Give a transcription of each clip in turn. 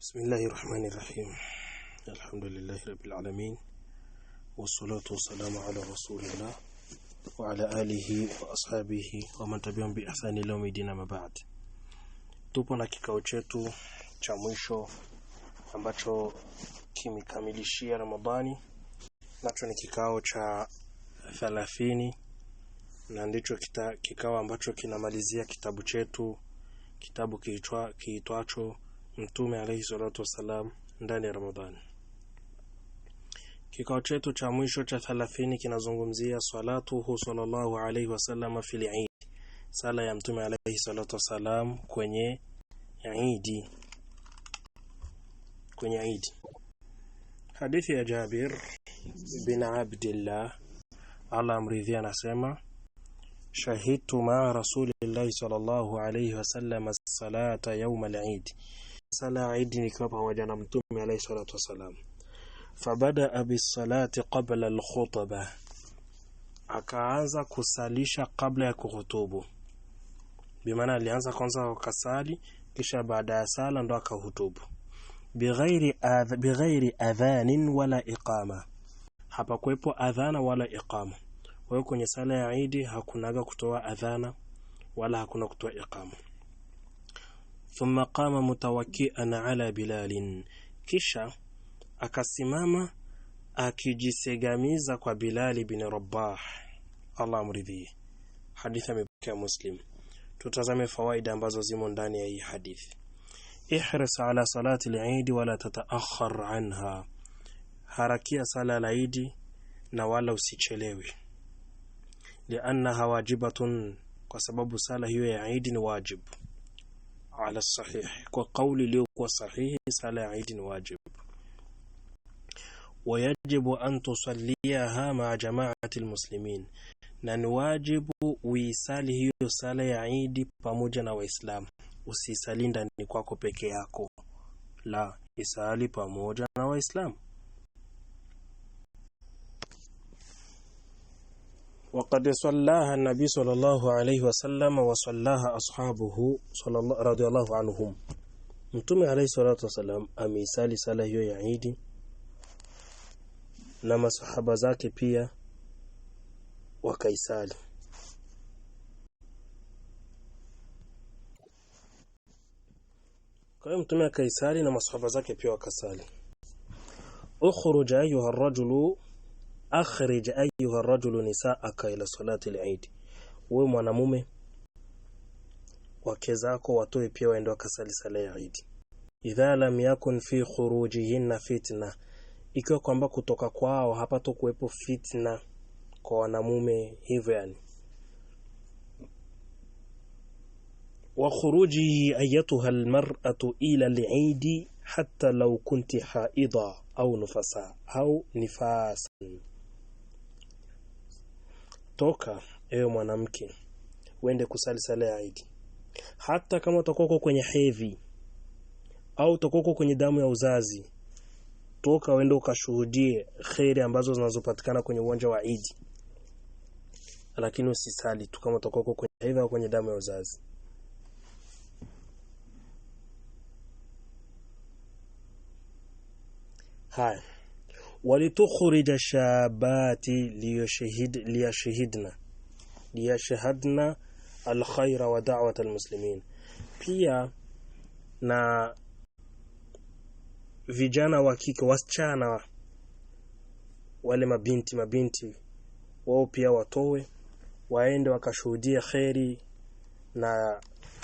بسم الله الرحمن الرحيم الحمد لله رب العالمين والصلاة والسلام على رسول الله وعلى آله وأصحابه ومن تبعهم بإحسان إلى يوم الدين ما بعد tupo na kikao chetu cha mwisho ambacho kimekamilishia Ramadhani nacho ni kikao cha 30 na ndicho kikao ambacho kinamalizia kitabu chetu kitabu kiitwacho mtume alayhi salatu wassalam ndani ya Ramadhani. Kikao chetu cha mwisho cha 30 kinazungumzia salatuhu sallallahu alayhi wasallam al Eid. Sala ya mtume alayhi salatu wassalam kwenye Eid. Kwenye Eid. Hadithi ya Jabir bin Abdullah ala amridhi anasema shahidtu ma rasulillahi sallallahu alayhi wasallam salata yawm al-Eid sala idi nikiwa pamoja na mtume alayhi salatu wasalam fabada bisalati qabla alkhutba akaanza kusalisha kabla ya kuhutubu bimaana alianza kwanza kasali kisha baada ya sala ndo akahutubu bighairi adh, bighairi adhanin wala iqama hapakuwepo adhana wala iqama kwa hiyo kwenye sala ya idi hakunaga kutoa adhana wala hakuna kutoa iqama thumma qama mutawakkian ala bilalin kisha akasimama akijisegamiza kwa Bilali bin Rabah Allah amridhie hadithi amepokea Muslim tutazame fawaida ambazo zimo ndani ya hii hadithi ihris ala salati al-eid wala tataakhar anha harakia sala al-eid na wala usichelewe liannaha wajibatun kwa sababu sala hiyo ya eid ni wajibu ala sahih, kwa kauli iliyokuwa sahihi, sala ya Eid ni wajibu. Wayajibu an tusalliha maa jamaati lmuslimin, na ni wajibu uisali hiyo sala ya Eid pamoja na Waislamu. Usisali ndani kwako peke yako, la isali pamoja na Waislamu. وقد صلاها النبي صلى الله عليه وسلم وصلاها أصحابه صلى الله رضي الله عنهم متوم عليه الصلاة والسلام أمي سالي سالي يعيد نما صحابة ذاك بيا وكيسالي kwa hiyo mtume نما صحابة masahaba zake pia wakasali ukhruj ayuha rajulu akhrij ayyuha rajulu nisaaka ila salati al-eid wewe mwanamume wake zako watoe pia waende wakasali sala ya Eid idha lam yakun fi khurujihinna fitna ikiwa kwamba kutoka kwao hapato kuwepo fitna kwa wanamume hivyo yani wa khuruji ayatuha almar'atu ila al-eid hatta law kunti haidha au nufasa au nifasan toka ewe mwanamke uende kusali sala ya Eid. Hata kama utakuwa uko kwenye hevi au utakuwa uko kwenye damu ya uzazi, toka uende ukashuhudie khairi ambazo zinazopatikana kwenye uwanja wa Eid. Lakini usisali tu kama utakuwa uko kwenye hevi au kwenye damu ya uzazi. Haya walitukhrija shabati liyashahidna liyashahadna alkhaira wa da'wat almuslimin, pia na vijana wa kike wasichana wale mabinti mabinti wao pia watowe waende wakashuhudia kheri na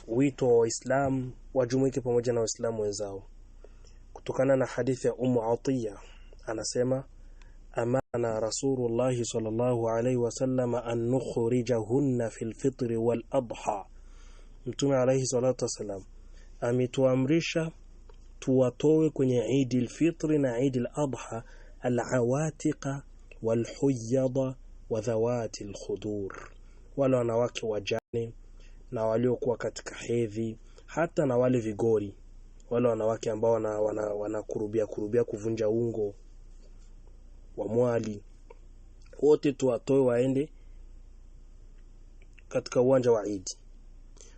wito wa Waislamu wajumuike pamoja na Waislamu wenzao kutokana na hadithi ya Ummu Atiya anasema amana rasulullahi sallallahu alaihi wasallam an nukhrijahunna fil fitri wal adha mtume alaihi salatu wasallam ametuamrisha tuwatowe kwenye idi lfitri na idi ladha alawatiqa walhuyada wa dhawati lkhudur wale wanawake wajane na waliokuwa katika hedhi hata na wale vigori wale wanawake ambao wanakurubia wana, wana kurubia kuvunja ungo wa mwali wote tuwatoe waende katika uwanja wa Eid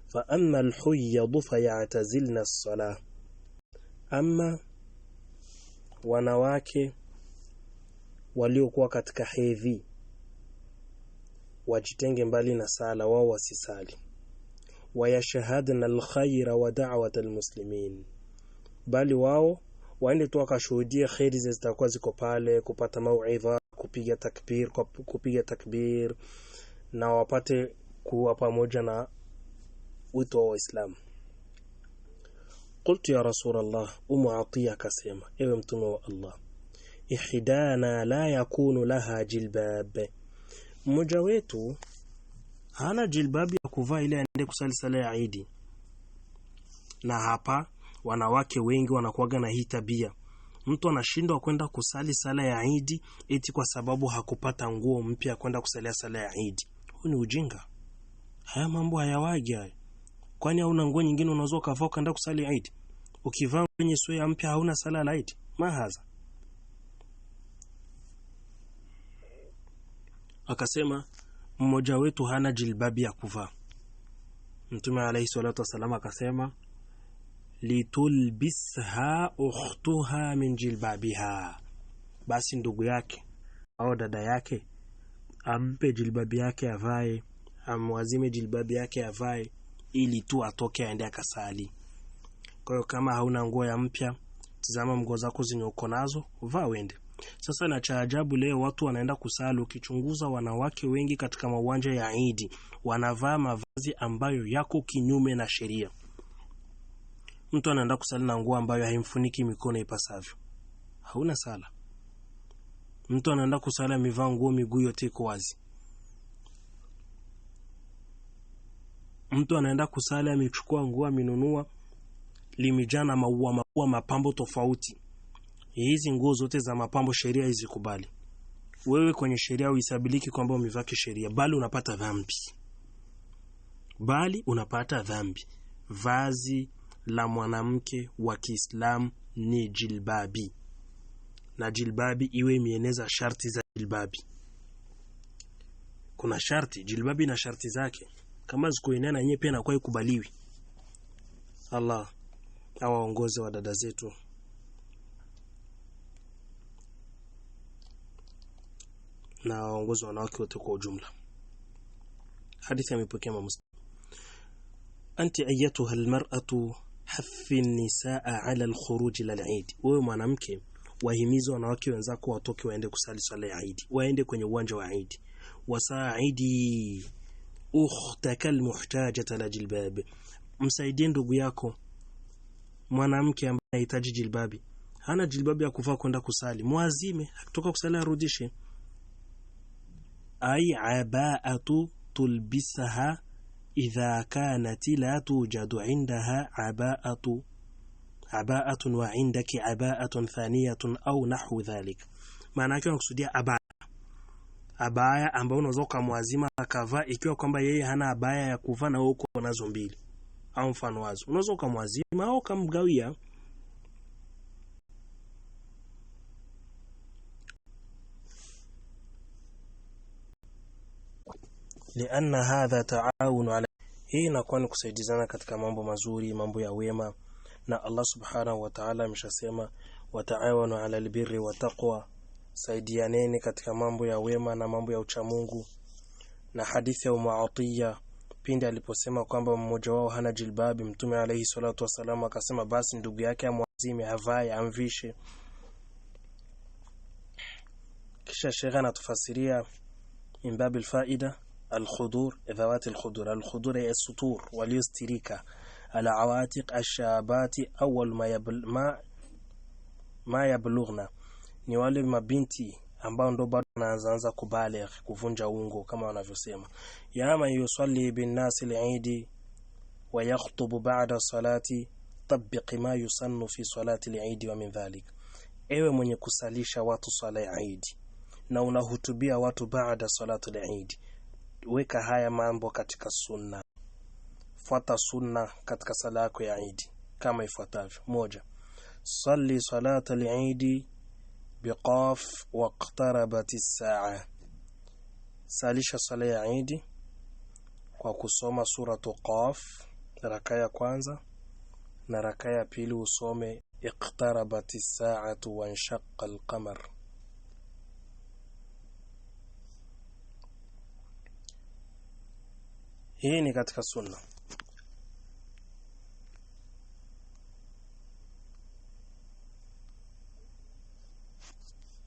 fa amma alhuyyad fayatazilna as-salah amma wanawake waliokuwa katika hedhi wajitenge mbali na sala wao wasisali wayashahadna alkhaira wa da'wat almuslimin bali wao waende tu wakashuhudia kheri zitakuwa ziko pale, kupata mauidha, kupiga takbir, kupiga takbir na wapate kuwa pamoja na wito wa Waislamu. Qultu ya rasul llah Umu Atiya akasema, ewe mtume wa Allah, ihdana la yakunu laha jilbab, mmoja wetu hana jilbab ya kuvaa ili aende kusali sala ya Idi. Na hapa wanawake wengi wanakuwaga na hii tabia. Mtu anashindwa kwenda kusali sala ya Idi eti kwa sababu hakupata nguo mpya kwenda kusalia sala ya Idi. Huu ni ujinga. Haya mambo hayawagi haya. Kwani hauna nguo nyingine unaweza ukavaa ukaenda kusali Idi? Ukivaa kwenye swea mpya hauna sala la Idi. Mahaza. Akasema mmoja wetu hana jilbabi ya kuvaa. Mtume alaihi salatu wasallam akasema litulbisha ukhtuha min jilbabiha, basi ndugu yake au dada yake ampe jilbabi yake avae, amwazime jilbabi yake avae, ili tu atoke aende akasali. Kwa hiyo kama hauna nguo ya mpya, tizama nguo zako zenye uko nazo, vaa uende. Sasa na cha ajabu leo watu wanaenda kusali, ukichunguza wanawake wengi katika mauwanja ya Idi wanavaa mavazi ambayo yako kinyume na sheria. Mtu anaenda kusali na nguo ambayo haimfuniki mikono ipasavyo, hauna sala. Mtu anaenda kusali amevaa nguo, miguu yote iko wazi. Mtu anaenda kusali amechukua nguo, amenunua limejaa na maua maua, mapambo tofauti. Hizi nguo zote za mapambo sheria haizikubali. Wewe kwenye sheria uisabiliki kwamba umevaa kisheria, bali unapata dhambi, bali unapata dhambi. Vazi la mwanamke wa Kiislamu ni jilbabi, na jilbabi iwe imeeneza sharti za jilbabi. Kuna sharti jilbabi na sharti zake, kama na yeye pia inakuwa ikubaliwi. Allah awaongoze wa dada zetu. na waongozi wanawake wote kwa ujumla. Hadithi amepokea Muslim. Anti ayatuha almar'atu hafi nisaa ala alkhuruji lilidi, wewe mwanamke wahimizi wanawake wenzako watoke waende kusali swala ya Idi, waende kwenye uwanja wa Idi. Wasaidi ukhtaka almuhtajata la jilbab, msaidie ndugu yako mwanamke ambaye anahitaji jilbabi, hana jilbabi ya kuvaa kwenda kusali, mwazime akitoka kusali arudishe. Ai abaatu tulbisaha إذا كانت لا توجد عندها عباءة عباءة وعندك عباءة ثانية au nahu dhalik. Maana yake unakusudia abaya, abaya ambayo unaweza ukamwazima akavaa, ikiwa kwamba yeye hana abaya ya kuvaa na uko nazo mbili au mfano wazo, unaweza ukamwazima au ukamgawia. لأن هذا تعاون على hii inakuwa ni kusaidizana katika mambo mazuri, mambo ya wema, na Allah subhanahu wa ta'ala ameshasema, wataawanu ala albirri wa taqwa, saidianeni katika mambo ya wema na mambo ya uchamungu. Na hadithi ya Umaatiya pindi aliposema kwamba mmoja wao hana jilbabi, Mtume alayhi salatu wasalam akasema basi ndugu yake amwazime, havai amvishe. Kisha shekhe anatufasiria imbabil faida الخضور ذوات الخضور الخضور هي السطور واليستريكا العواتق الشابات أول ما يبل ما, ما يبلغنا ni wale mabinti ambao ndo bado wanaanza kubaligh kuvunja ungo kama wanavyosema ya man yusalli bin nas al-eid wa yakhutubu ba'da salati tabiq ma yusannu fi salati al-eid wa min dhalik ewe mwenye kusalisha watu sala ya Eid na unahutubia watu baada salati al-Eid weka haya mambo katika sunna. Fuata sunna katika sala yako ya Eid kama ifuatavyo: moja, salli salata al eid biqaf waqtarabat as-saa, salisha sala ya Eid kwa kusoma suratu Qaf raka ya kwanza na raka ya pili usome iqtarabat as-sa'atu wanshaqa al-qamar. Hii ni katika sunna.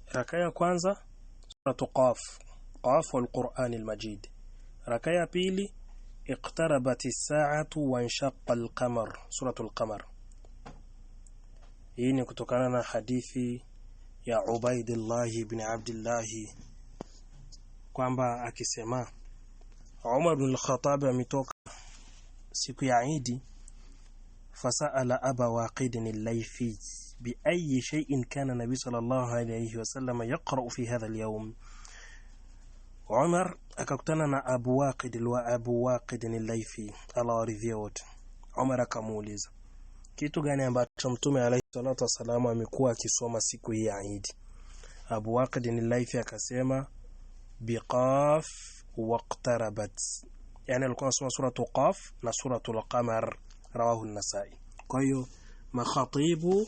Raka ya kwanza sura Qaf, Qaf wal Qur'an al Majid. Raka ya pili iqtarabat as-sa'atu اقتربت الساعة وانشق القمر سورة qamar hii ni kutokana na hadithi ya Ubaidillah ibn Abdullah kwamba akisema Umar ibn al-Khattab ametoka siku ya Eid fasala Aba Waqid al layfi bi ayi shay'in kana nabi sallallahu alayhi wa sallam yaqra fi hadha al-yawm Umar akakutana na Abu Waqid wa Abu Waqid al-Laythi alawaridhia wote Umar akamuuliza kitu gani ambacho mtume alayhi salatu wasallam amekuwa akisoma siku hii ya Eid Abu Waqid al layfi akasema biqaf واقتربت يعني الكون اسمها سورة قاف سورة القمر رواه النسائي كيو ما خطيبه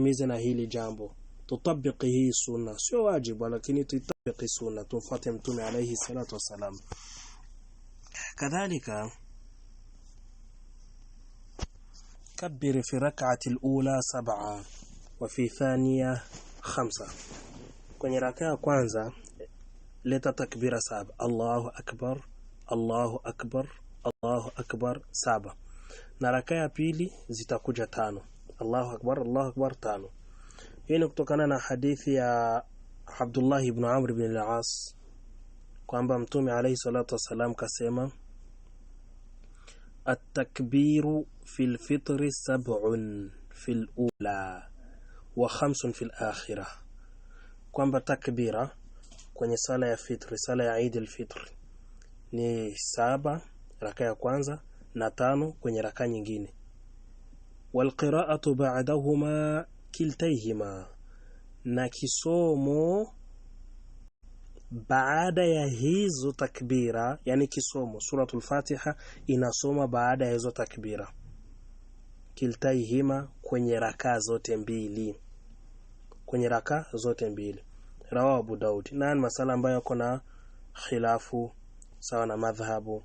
ميزنا هي لجانبه تطبق هي السنة سوى واجب ولكن تطبق سنة تفاتم عليه الصلاة والسلام كذلك كبر في ركعة الأولى سبعة وفي ثانية خمسة كوني rakaa ya لتا تكبيرة صعبة الله أكبر الله أكبر الله أكبر صعبة نركا بيلي زيتا كوجا تانو الله أكبر الله أكبر تانو هنا كتوكان أنا حديث يا عبد الله بن عمرو بن العاص كوان بامتومي عليه الصلاة والسلام كسيما التكبير في الفطر سبع في الأولى وخمس في الآخرة كوان بتكبيره kwenye sala ya fitri, sala ya Eid al ni saba raka ya kwanza na tano kwenye raka nyingine. Walqira'atu ba'dahuma kiltaihima, na kisomo baada ya hizo takbira, yani kisomo suratul Fatiha inasoma baada ya hizo takbira kiltaihima, kwenye raka zote mbili, kwenye raka zote mbili rawahu Abu Daud na ni masala ambayo yako na khilafu sawa na madhhabu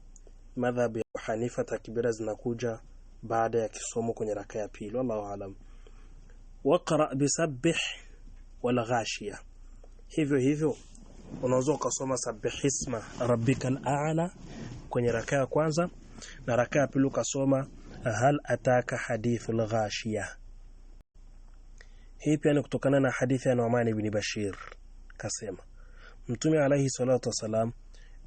madhhabu ya Hanifa takbira zinakuja baada ya kisomo kwenye raka ya pili wallahu alam waqra bisabbih wal ghashiya hivyo hivyo unaweza ukasoma sabbihisma rabbikal a'la kwenye raka ya kwanza na raka ya pili ukasoma hal ataka hadithul ghashiya hii pia ni kutokana na hadithi ya Nu'man ibn Bashir akasema Mtume alayhi salatu wasalam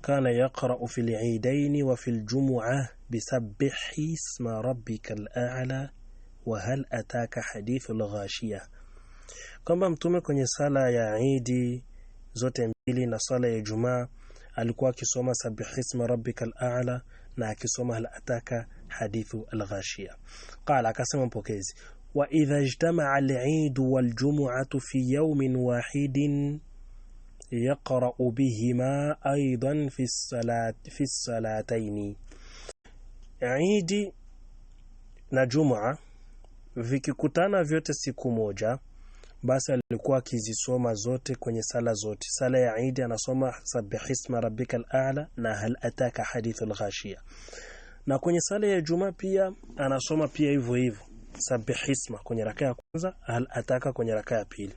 kana yaqra'u fil eidaini wa fil jumu'ah bisabbihi isma rabbika al a'la wa hal ataka hadithul ghashiya kwamba mtume kwenye sala ya Idi zote mbili na sala ya jumaa alikuwa akisoma sabbihi isma rabbika al a'la na akisoma hal ataka hadithu al ghashiya qala akasema mpokezi wa idha ijtama'a al-eid wal-jum'atu fi yawmin wahidin يقرأ بهما أيضا في الصلاة في الصلاتين Idi na vikikutana vyote siku moja, basi alikuwa akizisoma zote kwenye sala zote. Sala ya Idi anasoma sabihisma rabbikal a'la na hal ataka hadithul ghashia, na kwenye sala ya Jumaa pia anasoma pia hivyo hivyo sabihisma kwenye raka ya kwanza, hal ataka kwenye raka ya pili.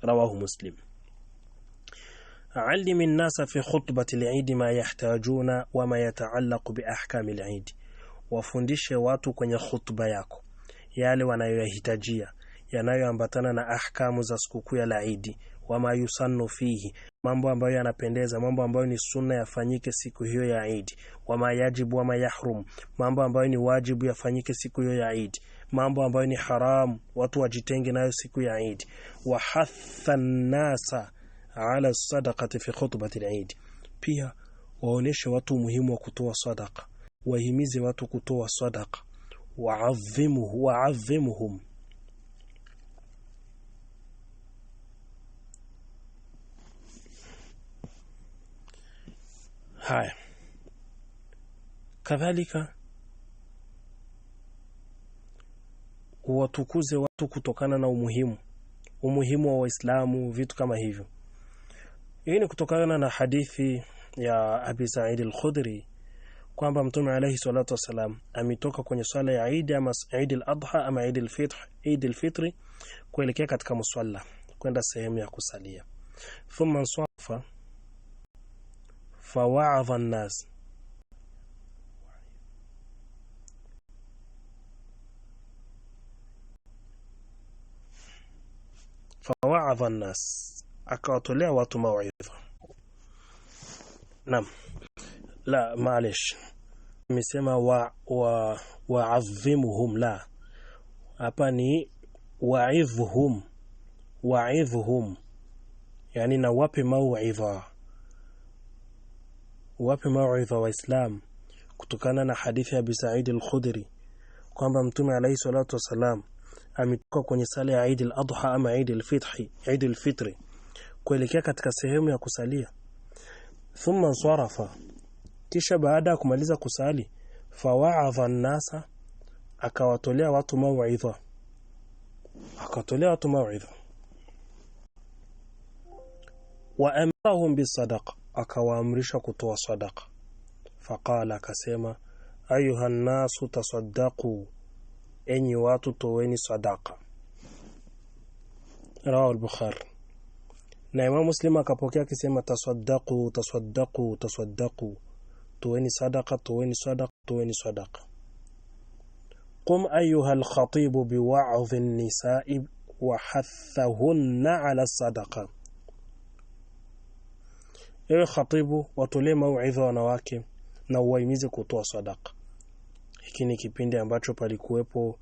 Rawahu Muslim. علم الناس في خطبة العيد ما يحتاجون وما يتعلق بأحكام العيد wafundishe watu kwenye khutba yako yale wanayoyahitajia yanayoambatana na ahkamu za sikukuu ya laidi wama yusannu fihi mambo ambayo yanapendeza mambo ambayo ni sunna yafanyike siku hiyo ya idi wama yajibu wama yahrum mambo ambayo ni wajibu yafanyike siku hiyo ya idi mambo ambayo ni haramu watu wajitenge nayo siku ya idi wahatha nnasa ala sadaqati fi khutbati al-Eid. Pia waoneshe watu umuhimu wa kutoa sadaqa, wahimize watu kutoa sadaqa, waadhimuhu waadhimuhum Haya, kadhalika watukuze watu kutokana na umuhimu umuhimu wa Waislamu, vitu kama hivyo. Hii ni kutokana na hadithi ya Abi Sa'id al-Khudri kwamba Mtume alayhi salatu wasalam ametoka kwenye swala ya Eid ama Eid al-Adha ama Eid al-Fitr, Eid al-Fitri kuelekea katika musalla kwenda sehemu ya kusalia. Thumma ansafa fawaadha an-nas fawaadha an-nas akawatolea watu mawaidha. Naam, la maalish, nimesema wa wa waadhimuhum, la hapa ni waidhhum, waidhhum, yani na wape mauidha, wape mauidha Waislam kutokana na hadithi ya Abi Said al-Khudri kwamba Mtume alayhi salatu wasalam ametoka kwenye sala ya Eid al-Adha ama Eid al-Fitri, Eid al-Fitri kuelekea katika sehemu ya kusalia thumma sarafa kisha baada ya kumaliza kusali fawaadha nasa akawatolea watu mauidha akawatolea watu mauidha wa amrahum bisadaq akawaamrisha kutoa sadaqa faqala akasema ayuha nasu tasaddaqu enyi watu toweni sadaqa rawahu al-bukhari na Imam Muslim akapokea akisema, tasaddaqu tasaddaqu tasaddaqu, tuweni sadaqa tuweni sadaqa tuweni sadaqa. Qum ayuha al-khatibu biwa'dhi an-nisa'i wa hathahunna 'ala sadaqa, ewe khatibu, watolee mauidha wanawake na uwahimize kutoa sadaqa Hiki ni kipindi ambacho palikuwepo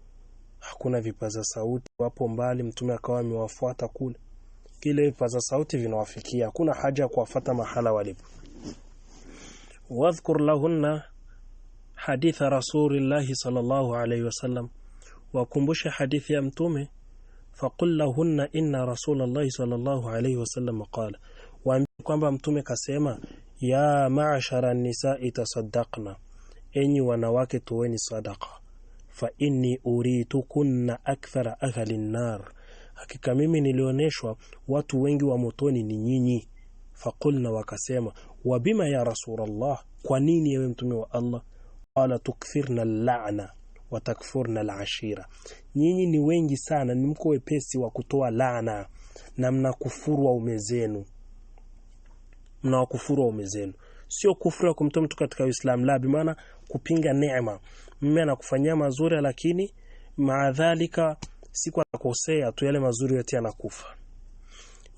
hakuna vipaza sauti, wapo mbali, mtume akawa amewafuata kule kile vipaza sauti vinawafikia, hakuna haja ya kuwafata mahala walipo. Wadhkur lahunna haditha rasulillahi sallallahu alayhi wasallam, wakumbushe hadithi ya Mtume. Faqul lahunna inna rasulallahi sallallahu alayhi wasallam qala, waambie kwamba Mtume kasema, ya maashara nisai tasaddaqna, enyi wanawake toweni sadaqa, fa inni uritukunna akthara ahli nnar hakika mimi nilioneshwa watu wengi wa motoni ni nyinyi. faqulna wakasema wabima ya Rasulullah, kwa nini yewe mtume wa Allah? Qala tukthirna lana wa takfurna alashira, nyinyi ni wengi sana, ni mko wepesi wa kutoa laana na mnakufuru waume zenu, mnawakufuru waume zenu. Sio kufuru ya kumtoa mtu katika Uislamu, la bimaana kupinga neema. Mume anakufanyia mazuri, lakini maadhalika siku anakosea tu, yale mazuri yote yanakufa.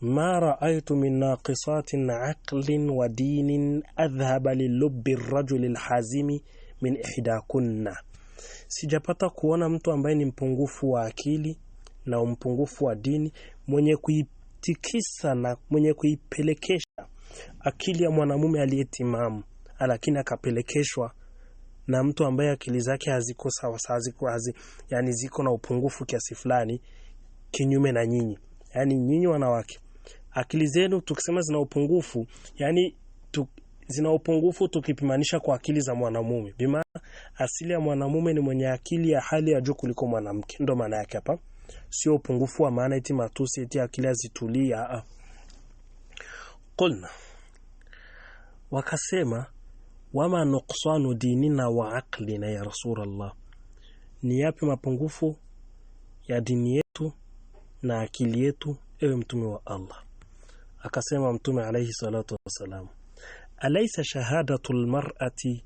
ma raaitu min naqisatin aqlin wa dinin adhhaba lilubi rajuli lhazimi min ihdakunna, sijapata kuona mtu ambaye ni mpungufu wa akili na mpungufu wa dini mwenye kuitikisa na mwenye kuipelekesha akili ya mwanamume aliyetimamu, lakini akapelekeshwa na mtu ambaye akili zake haziko sawa sawa, ziko hazi, yani ziko na upungufu kiasi fulani, kinyume na nyinyi. Yani nyinyi wanawake akili zenu tukisema zina upungufu yani tu, zina upungufu tukipimanisha kwa akili za mwanamume. Bima asili ya mwanamume ni mwenye akili ya hali ya juu kuliko mwanamke, ndo maana yake hapa. Sio upungufu wa maana eti matusi eti akili hazitulii. Qulna, wakasema wama nuksanu dinina wa aqlina ya Rasulullah, ni yapi mapungufu ya dini yetu na akili yetu, ewe mtume wa Allah? Akasema mtume alayhi salatu wassalam, alaysa shahadatu almar'ati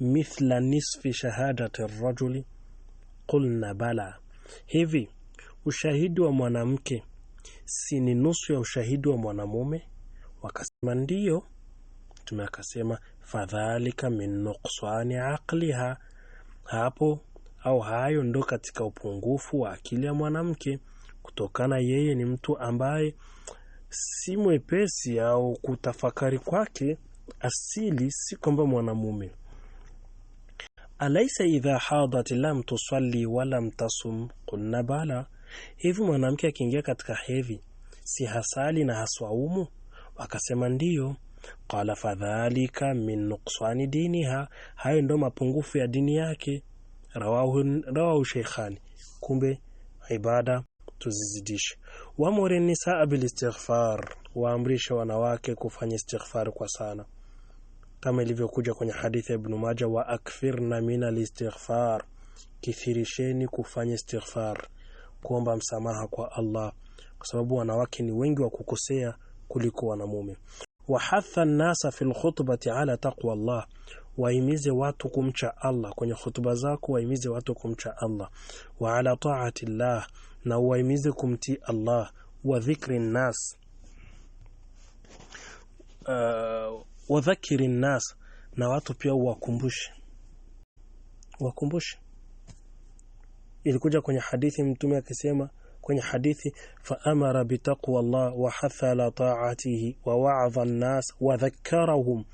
mithla nisfi shahadati arrajuli? Qulna bala, hivi ushahidi wa mwanamke si ni nusu ya ushahidi wa mwanamume? Wakasema ndiyo. Mtume akasema fadhalika min nuqsani aqliha, hapo au hayo ndo katika upungufu wa akili ya mwanamke, kutokana yeye ni mtu ambaye si mwepesi au kutafakari kwake asili si kwamba mwanamume alaisa idha hadat lam tusalli lam tasum qulna bala, hivi mwanamke akiingia katika hedhi si hasali na haswaumu? Wakasema ndiyo qala fadhalika min nuqsani diniha, hayo ndo mapungufu ya dini yake. Rawahu, rawahu Sheikhani. Kumbe ibada tuzizidishe. Wamuri nisaa bil istighfar, waamrishe wanawake kufanya istighfar kwa sana kama ilivyokuja kwenye hadithi ya Ibn Maja, wa akthirna min alistighfar, kithirisheni kufanya istighfar, kuomba msamaha kwa Allah, kwa sababu wanawake ni wengi wa kukosea kuliko wanamume wahatha nnasa fi lkhutbati ala taqwa llah, waimize watu kumcha Allah kwenye hutuba zako, waimize watu kumcha Allah. Wa ala taati llah, na waimize kumtii Allah. Wa dhikri nnas, uh, wa nnas, na watu pia wakumbushe, wakumbushe. Ilikuja kwenye hadithi Mtume akisema kwenye hadithi faamara bitaqwa Allah wa hathala taatihi wa wa'adha an-nas wa dhakkarahum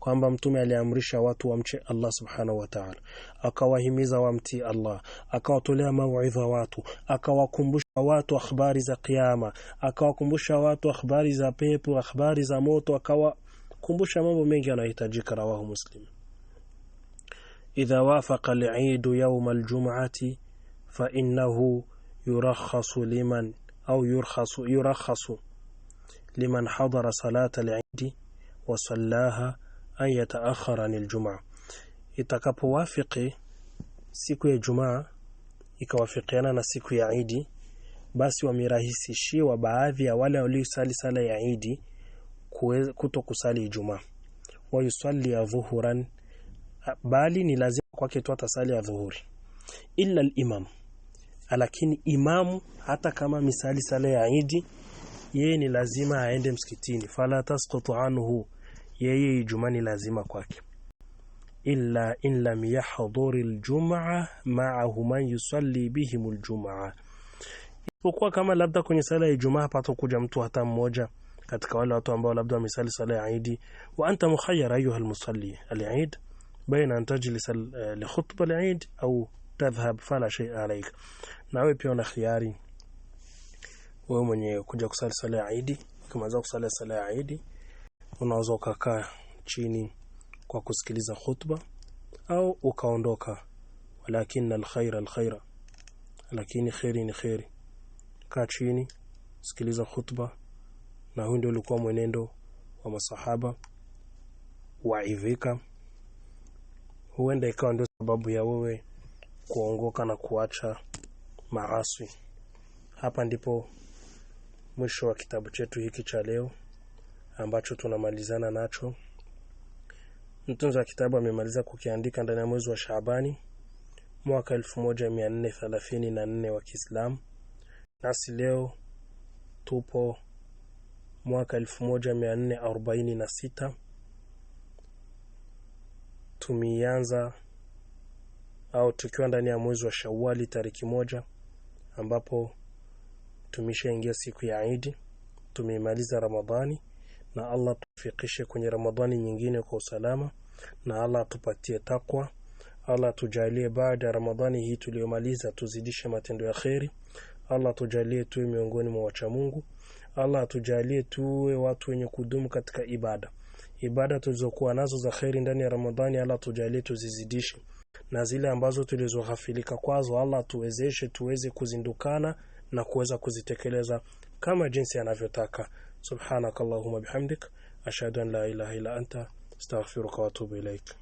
kwamba mtume aliamrisha watu wamche Allah subhanahu wa ta'ala akawahimiza wamti Allah akawatolea mauidha watu akawakumbusha watu habari za kiyama akawakumbusha watu habari za pepo habari za moto akawakumbusha mambo mengi yanayohitajika rawahu muslim اذا وافق العيد يوم الجمعه فانه يرخص لمن أو يرخص يرخص لمن حضر صلاة العيد وصلاها أن يتأخر عن الجمعة itakapowafiqi siku ya Ijumaa ikawafikiana na siku ya Idi basi wamerahisishiwa baadhi ya wale waliosali sala ya Idi kuto kusali Ijumaa wayusalli dhuhuran bali ni lazima kwake tu atasali adhuhuri illa al-imam lakini imamu hata kama misali sala ya Idi yeye ni lazima aende msikitini fala tasqutu anhu yeye Ijumaa ni lazima kwake illa in lam yahdhuri aljumaa ma'ahu man yusalli bihim aljumaa isipokuwa kama labda kwenye sala ya Ijumaa hapata kuja mtu hata mmoja katika wale watu ambao labda wamesali sala ya Idi wa anta mukhayyar ayuha almusalli al-Eid بين أن تجلس لخطبة العيد أو تذهب فلا شيء عليك na wewe pia una khiari wewe mwenye kuja kusali sala ya Eid ukimaliza kusali sala ya Eid unaweza ukakaa chini kwa kusikiliza khutba au ukaondoka walakin alkhair alkhaira lakini khairi ni khairi kaa chini sikiliza khutba na huyo ndio ulikuwa mwenendo wa masahaba waivika huenda ikawa ndio sababu ya wewe kuongoka na kuacha maaswi. Hapa ndipo mwisho wa kitabu chetu hiki cha leo ambacho tunamalizana nacho. Mtunzi wa kitabu amemaliza kukiandika ndani ya mwezi wa Shaabani mwaka 1434 wa Kiislamu, nasi leo tupo mwaka 1446 tumeanza au tukiwa ndani ya mwezi wa Shawali tariki moja ambapo tumeshaingia siku ya Eid tumeimaliza Ramadhani na Allah tufikishe kwenye Ramadhani nyingine kwa usalama na Allah tupatie takwa Allah tujalie baada ya Ramadhani hii tuliyomaliza tuzidishe matendo ya kheri Allah tujalie tuwe miongoni mwa wacha Mungu Allah tujalie tuwe watu wenye kudumu katika ibada ibada tulizokuwa nazo za kheri ndani ya Ramadhani Allah tujalie tuzizidishe na zile ambazo tulizoghafilika kwazo, Allah tuwezeshe tuweze kuzindukana na kuweza kuzitekeleza kama jinsi anavyotaka. Subhanakallahumma bihamdik ashhadu an la ilaha illa anta astaghfiruka wa atubu ilaik.